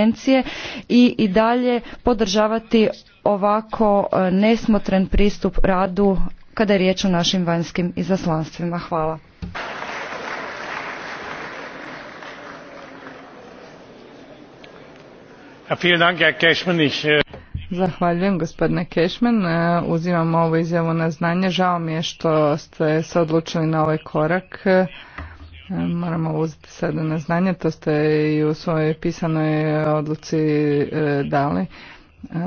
konvencije i i dalje podržavati ovako e, nesmotren pristup radu kada je riječ o našim vanjskim izaslanstvima. Hvala. Äh, Zahvaljujem gospodine Kešman. E, uzimam ovu izjavu na znanje. Žao mi je što ste se odlučili na ovaj korak. Moramo uzeti sada na znanje, to ste i u svojoj pisanoj odluci e, dali. E,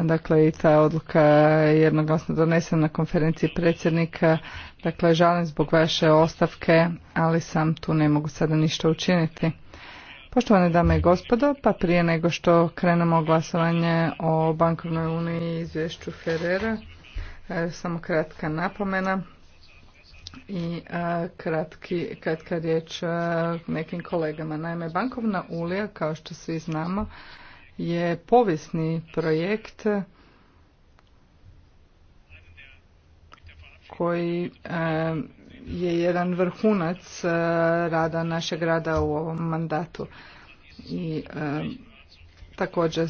dakle, i ta odluka je jednoglasno donesena na konferenciji predsjednika. Dakle, žalim zbog vaše ostavke, ali sam tu ne mogu sada ništa učiniti. Poštovane dame i gospodo, pa prije nego što krenemo glasovanje o bankovnoj uniji i izvješću Ferrera, e, samo kratka napomena i a, e, kratki, kratka riječ a, e, nekim kolegama. Naime, Bankovna ulija, kao što svi znamo, je povijesni projekt koji e, je jedan vrhunac rada našeg rada u ovom mandatu. I također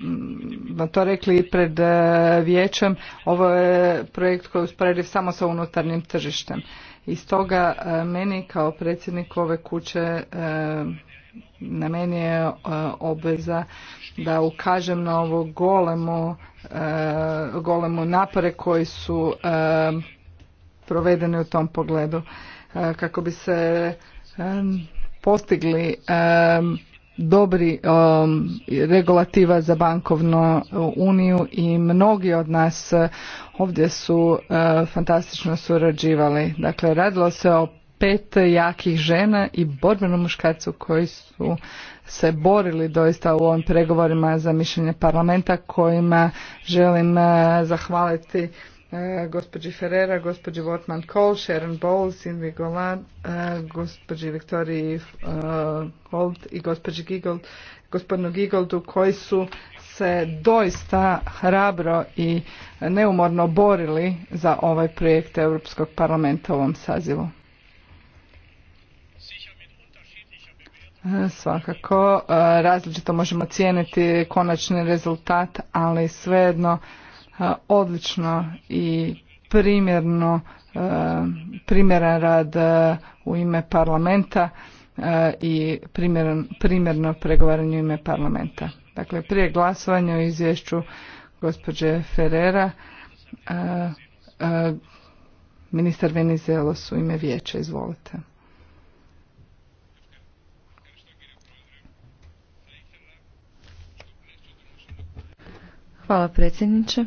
mm, na to rekli i pred e, vijećem, ovo je projekt koji je usporediv samo sa unutarnjim tržištem. I stoga e, meni kao predsjednik ove kuće e, na meni je obveza da ukažem na ovo golemo golemu napore koji su provedeni u tom pogledu kako bi se postigli dobri um, regulativa za bankovnu uniju i mnogi od nas uh, ovdje su uh, fantastično surađivali. Dakle, radilo se o pet jakih žena i borbenom muškarcu koji su se borili doista u ovim pregovorima za mišljenje parlamenta kojima želim uh, zahvaliti E, gospođi Ferreira, gospođi Votman Cole, Sharon Bowles, Sylvie Golan, e, gospođi Viktoriji e, Holt i gospođi Gigold, gospodinu Gigoldu koji su se doista hrabro i neumorno borili za ovaj projekt Europskog parlamenta u ovom sazivu. Svakako, različito možemo cijeniti konačni rezultat, ali svejedno odlično i primjerno primjeran rad u ime parlamenta i primjerno, pregovaranje u ime parlamenta. Dakle, prije glasovanja o izvješću gospođe Ferrera ministar Venizelos u ime vijeća. Izvolite. Hvala predsjedniče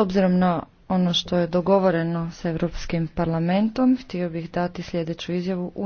obzirom na ono što je dogovoreno s Europskim parlamentom, htio bih dati sljedeću izjavu u